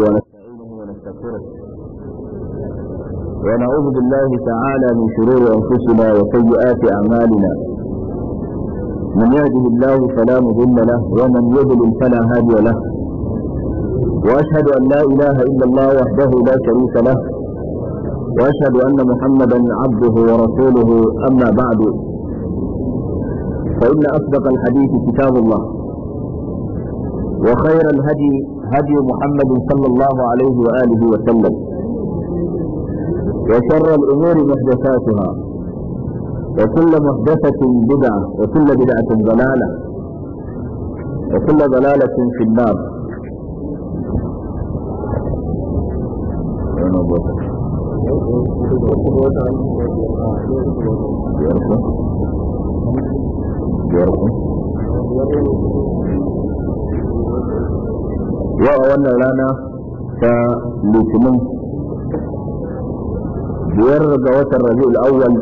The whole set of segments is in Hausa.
ونستعينه ونستغفره ونعوذ بالله تعالى من شرور أنفسنا وسيئات أعمالنا من يهده الله فلا مضل له ومن يضلل فلا هادي له وأشهد أن لا إله إلا الله وحده لا شريك له وأشهد أن محمدا عبده ورسوله أما بعد فإن أصدق الحديث كتاب الله وخير الهدي هدي محمد صلى الله عليه وآله وسلم وشر الأمور محدثاتها وكل محدثة بدعة وكل بدعة ضلالة وكل ضلالة في النار يا رب يا yau a wannan rana ta litinin biyar ga watan rabi'ul awwal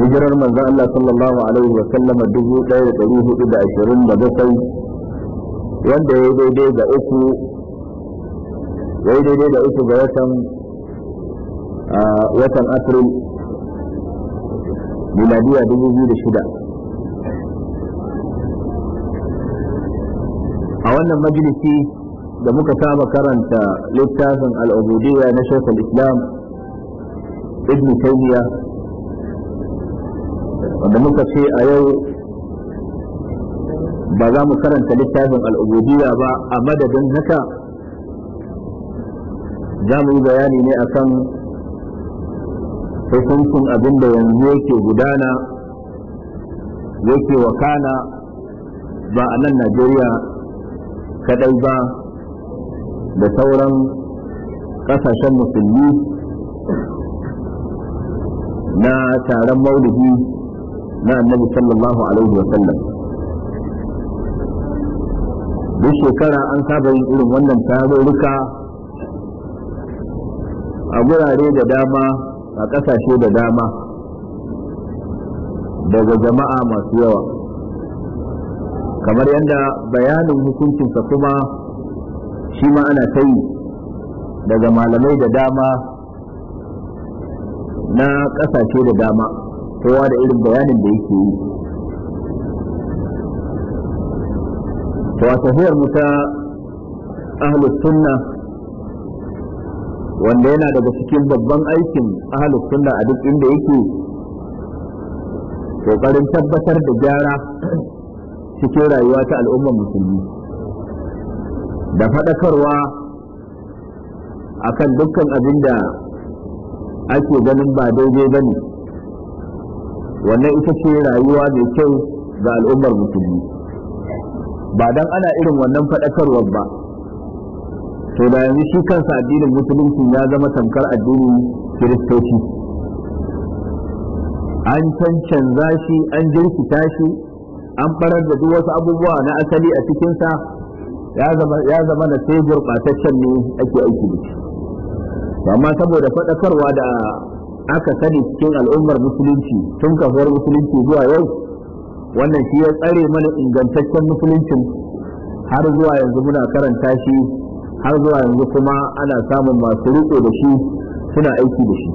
hijirar manzon Allah sallallahu alaihi wa sallam dubu ɗaya da ɗari hudu da ashirin da bakwai wanda ya daidai da uku ya daidai da uku ga watan ah, watan april miladiya dubu biyu da shida a wannan majalisi da muka saba karanta littafin al'ubudiyya na al islam ibn taymiya wanda muka ce a yau ba za mu karanta littafin al'ubudiyya ba a madadin haka za mu yi bayani ne akan hukuncin abin da yanzu yake gudana yake wakana ba a nan najeriya kadai ba da sauran kasashen musulmi na taron maulidi na annabi sallallahu alaihi wa sallam duk shekara an saba yin irin wannan tarurruka a gurare da dama a ƙasashe da dama daga jama'a masu yawa kamar yadda bayanin hukuncinsa kuma shi ma ana ta yi daga malamai da dama na ƙasashe da dama kowa da irin bayanin da yake yi wato mu ta ahlus sunna wanda yana daga cikin babban aikin ahlus sunna a duk inda yake kokarin tabbatar da gyara cikin rayuwa ta al'ummar musulmi da faɗakarwa akan dukkan abin da ake ganin ba daidai ba ne wannan ita ce rayuwa mai kyau ga al'ummar musulmi ba don ana irin wannan faɗakarwar ba to da yanzu shi kansa addinin musulunci ya zama tamkar addinin kiristoci an cancanza shi an jirkita shi an farar da duk wasu abubuwa na asali a cikinsa ya zama na sai gurɓataccen ne ake aiki da shi amma saboda faɗakarwa da aka sani cikin al'ummar musulunci tun kafuwar musulunci zuwa yau wannan shi ya tsare mana ingantaccen musuluncin har zuwa yanzu muna karanta shi har zuwa yanzu kuma ana samun masu riƙo da shi suna aiki da shi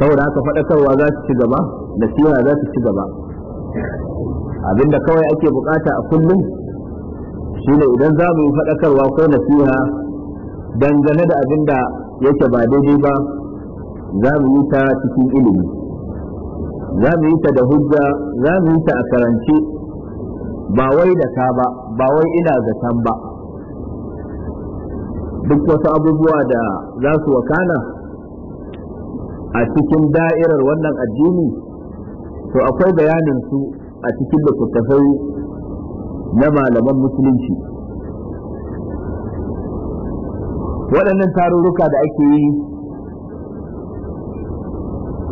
saboda haka faɗakarwa za su ci gaba nasiha za su ci gaba abinda kawai ake bukata a kullum shine idan za mu yi faɗakarwa ko nasiha dangane da abinda yake ba daidai ba za mu yi ta cikin ilimi za mu yi ta da hujja za mu yi ta a karance ba wai da ta ba ba wai ina zaton ba duk wasu abubuwa da za su wakana a cikin da'irar wannan addini to akwai bayanin su a cikin littattafai na malaman musulunci waɗannan tarurruka da ake yi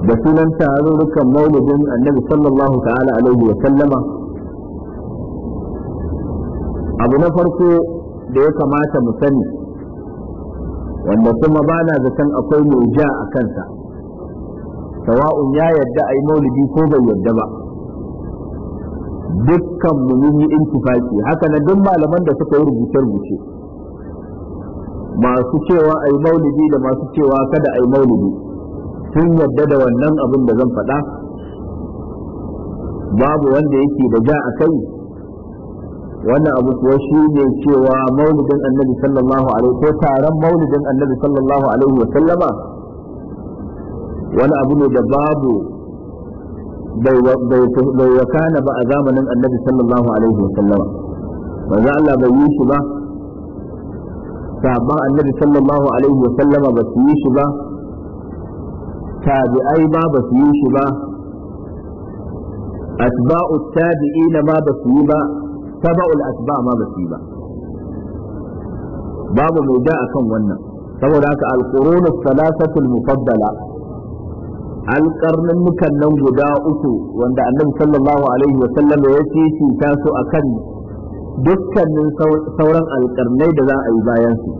da sunan tarurrukan maulidin annabi sallallahu ta'ala alaihi wa sallama abu na farko da ya kamata mu sani wanda kuma ba na zaton akwai mai ja a kansa sawa'un ya yadda a yi maulidi ko bai yadda ba dukkan mu mun yi intifaki haka na duk malaman da suka yi rubuce-rubuce masu cewa a yi maulidi da masu cewa kada a yi maulidi sun yadda da wannan abin da zan faɗa babu wanda yake da ja a kai wannan abu kuwa shi ne cewa maulidin annabi sallallahu alaihi ko taron maulidin annabi wani abu ne da babu bai wakana ba a zamanin annabi sallallahu alaihi wasallama manzo Allah bai yi shi ba sahabban annabi sallallahu alaihi wasallama ba su yi shi ba tabi'ai ba ba su yi shi ba asba'u tabi'ina ma ba su yi ba tabaul asba ma ba su yi ba babu mai da akan wannan saboda haka al-qurunus salasatul mufaddala alƙarnin mukan nan guda uku wanda annabi sallallahu alaihi wa sallam ya ce ta su akan dukkanin sauran alƙarnai da za a yi bayan su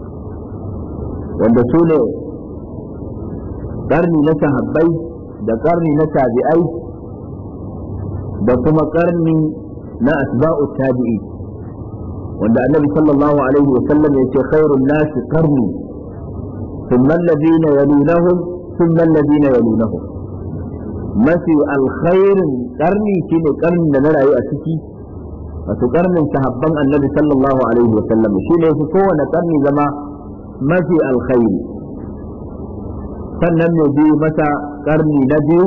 wanda su ne ƙarni na sahabbai da ƙarni na tabi'ai da kuma ƙarni na asba'u tabi'i wanda annabi sallallahu alaihi wa sallam ya ce khairun nasi qarni ثم الذين يلونهم ثم الذين يلونهم mafi alkhairin karni shine karni da na rayu a ciki wato karnin sahabban annabi sallallahu alaihi wa sallam shi ne su kowane karni zama mafi alkhairi sannan mai biyu masa karni na biyu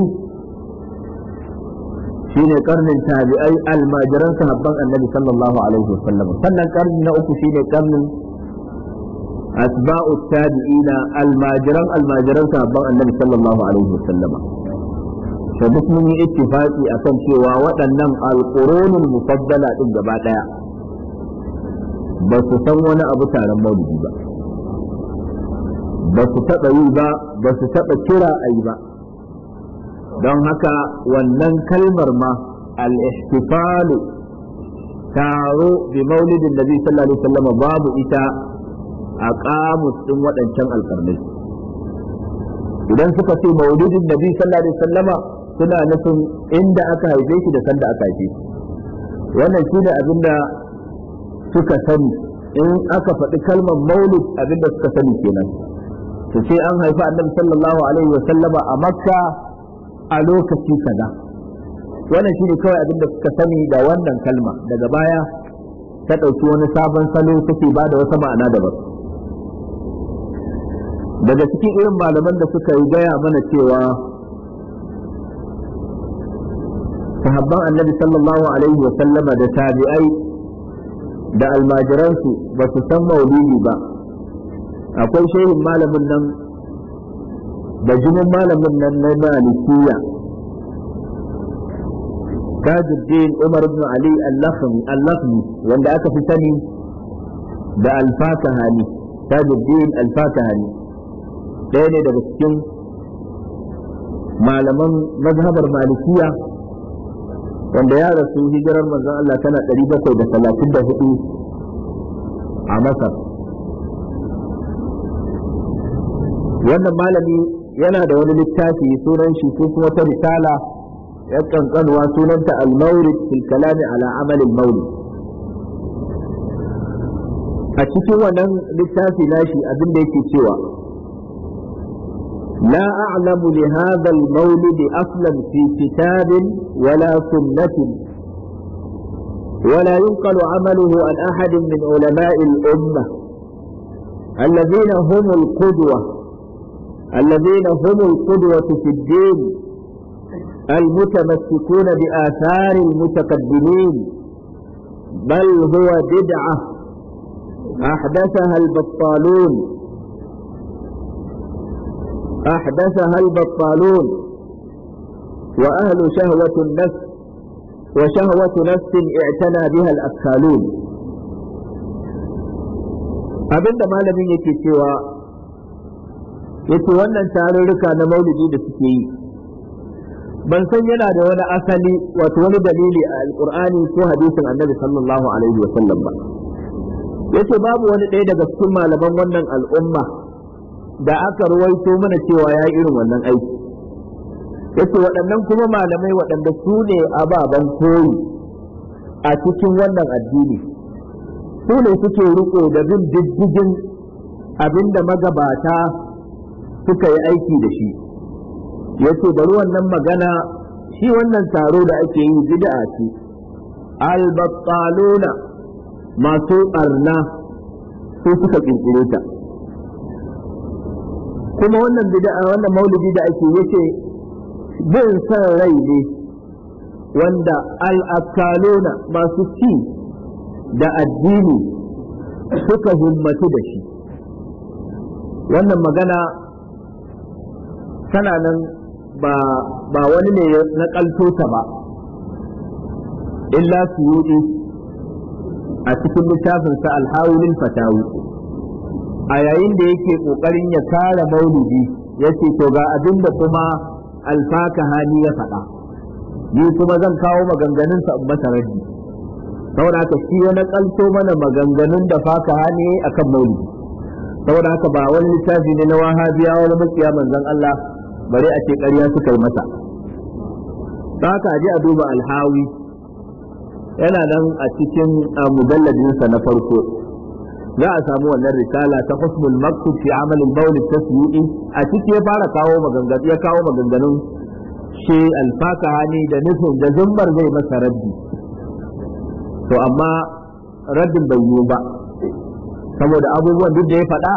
shi ne karnin tabi'ai almajiran sahabban annabi sallallahu alaihi wa sallam sannan karni na uku shi ne karnin asba'u tabi'ina almajiran almajiran sahabban annabi sallallahu alaihi wa sallam. to duk mun yi ittifaqi akan cewa waɗannan alqurunul mufaddala din gaba daya ba su san wani abu taron maulidi ba ba su taɓa yi ba ba su taɓa kira a yi ba don haka wannan kalmar ma al-ihtifalu taro bi maulidin nabi sallallahu alaihi wasallam babu ita a kamus din waɗancan alƙarnai idan suka ce maulidin nabi sallallahu alaihi wasallama suna nufin inda aka haife shi da sanda aka haife shi ne abin da suka sani in aka faɗi kalmar maulid abin da suka sani kenan su ce an haifi annabi sallallahu alaihi wa sallama a makka a lokaci kaza wannan ne kawai abin da suka sani da wannan kalma daga baya ta ɗauki wani sabon salo take ba da wata ma'ana daban daga cikin irin malaman da suka yi gaya mana cewa sahabban annabi sallallahu alaihi wa sallama da tabi'ai da almajiransu ba su san maulidi ba akwai shehin malamin nan da jinin malamin nan na malikiya tajuddin umar ibn ali al-lafmi wanda aka fi sani da al-fatihani tajuddin al-fatihani ɗaya ne daga cikin malaman mazhabar malikiya wanda ya rasu hijirar manzon Allah tana 734 a Masar wannan malami yana da wani littafi sunan shi ko kuma ta risala ya kankanuwa sunanta al-mawrid fil kalami ala amal al a cikin wannan littafi nashi abin da yake cewa لا أعلم لهذا المولد أصلا في كتاب ولا سنة ولا ينقل عمله عن أحد من علماء الأمة الذين هم القدوة الذين هم القدوة في الدين المتمسكون بآثار المتقدمين بل هو بدعة أحدثها البطالون أحدثها البطالون وأهل شهوة النفس وشهوة نفس اعتنى بها الأكالون abinda malamin yake cewa yake wannan tarurruka na maulidi da suke yi ban san yana da wani asali wato wani dalili a alkur'ani ko hadisin annabi sallallahu alaihi wa sallam ba yace babu wani ɗaya daga cikin malaman wannan al'umma da aka ruwaito mana cewa ya irin wannan aiki yace waɗannan kuma malamai waɗanda su ne ababen koyi a cikin wannan addini su ne suke riko da bin diddigin abinda magabata suka yi aiki da shi yace bari wannan magana shi wannan taro da ake yi bid'a ce albattaluna masu ɓarna su suka kirkire ta kuma wannan bid'a wannan maulidi da ake yace bin san rai ne wanda al-akaluna masu ci da addini suka himmatu da shi wannan magana tana nan ba wani ne na ta ba illa suyudi a cikin littafinsa alhawulin fatawu a yayin da yake kokarin ya kare maulidi yace to ga abin da kuma alfaka hali ya faɗa ni kuma zan kawo maganganun sa in masa raji. saboda haka shi ya nakalto mana maganganun da faka hani akan maulidi saboda haka ba wani littafi ne na wahabiya wani makiya manzon Allah bare a ce ƙarya suka yi masa ka aje a duba alhawi yana nan a cikin mujalladinsa na farko za a samu wannan risala ta husnul maktub fi amal al-bawl a ciki ya fara kawo maganganu ya kawo maganganun shi al-fakahani da nufin da zumbar zai masa raddi to amma raddin bai yiwu ba saboda abubuwan duk da ya faɗa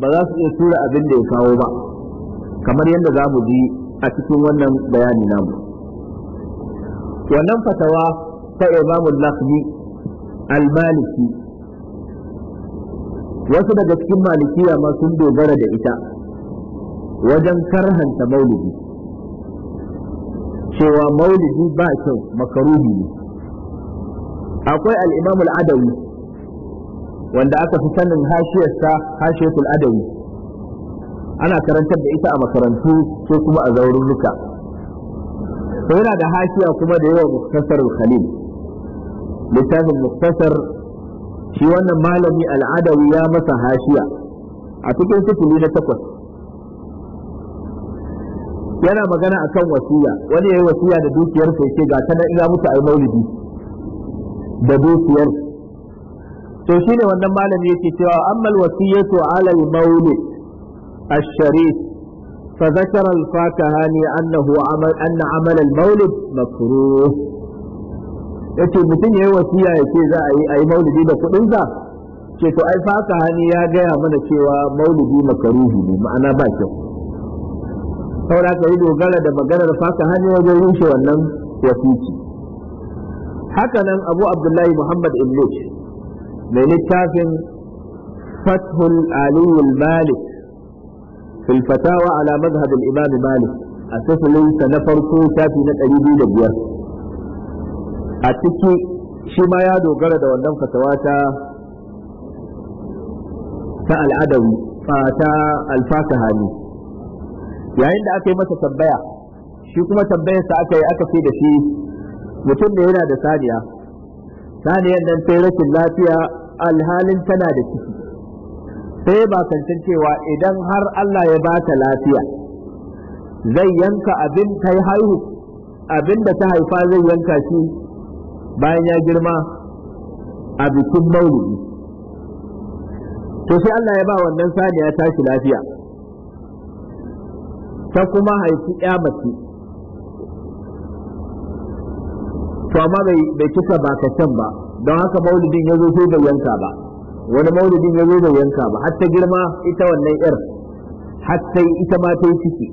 ba za su iya tura abin da ya kawo ba kamar yadda za mu ji a cikin wannan bayani namu wannan fatawa ta lakhmi al-maliki wasu daga cikin malikiya ma sun dogara da ita wajen karhanta maulidi cewa maulidi ba kyau makaruhi ne akwai al’imamul adawi wanda aka fi sanin hashiyarsa hashiyatul adawi ana karantar da ita a makarantu ko kuma a zaururruka yana da hashiya kuma da yawan muktasar khalil littafin muktasar shi wannan malami al'adawi ya masa hashiya a cikin sifili na takwas yana magana a kan wasiya wani ya yi wasiya da dukiyar sai ce ga ta ina mutu a maulidi da dukiyar to shine wannan malami yake cewa ammal wasiyatu ala al-maulid الشريف فذكر الفاكهاني أنه عمل أن عمل المولد مكروه ya ce mutum ya yi wasiya ya ce za a yi ayi maulidi da kudin sa ce to ai faka hani ya gaya mana cewa maulidi makaruhi ne ma'ana ba kyau saura ka yi dogara da maganar faka hani wajen rushe wannan wasiki haka nan abu abdullahi muhammad iblis mai littafin fathul aliyul malik في a على na farko مالك na ɗari biyu da biyar. a ciki shi ma ya dogara da wannan fatawa ta ta al'adawi ta alfasaha ne yayin da aka yi masa tambaya shi kuma tambayarsa aka yi aka fi da shi mutum ne yana da saniya saniyar nan sai rashin lafiya alhalin tana da ciki sai ba kancan cewa idan har Allah ya ba ta lafiya zai yanka abin ta haihu abin da ta haifa zai yanka shi bayan ya girma a bikin maulidi to sai Allah ya ba wannan saniya tashi lafiya ta kuma haifi ya mace to amma bai cika can ba don haka maulidin ya zo sai da yanka ba wani maulidin ya zo da yanka ba har girma ita wannan yar har ita ma ta yi ciki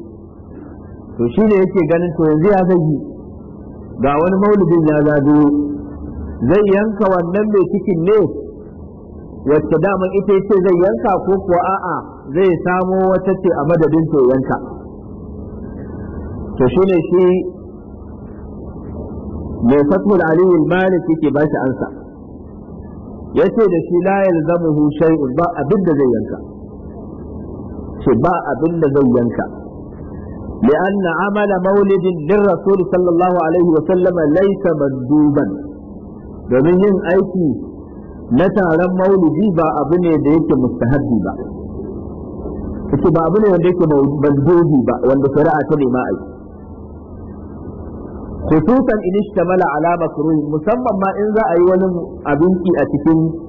to ne yake ganin to yanzu ya zagi ga wani maulidin ya zado zai yanka wannan mai cikin ne wacce dama ita ce zai yanka ko kuwa a'a zai samo wata ce a madadin to yanka to shine shi mai fatul aliyu malik yake ba shi ansa yace da shi la yalzamuhu shay'un ba abin da zai yanka ce ba abin da zai yanka لأن عمل مولد للرسول صلى الله عليه وسلم ليس مندوبا domin yin aiki na taron maulidi ba abu ne da yake mustahabbi ba yake ba abu ne wanda yake mandubi ba wanda shari'a ta nema aiki khususan in ishtamala ala makruh musamman ma in za a yi wani abinci a cikin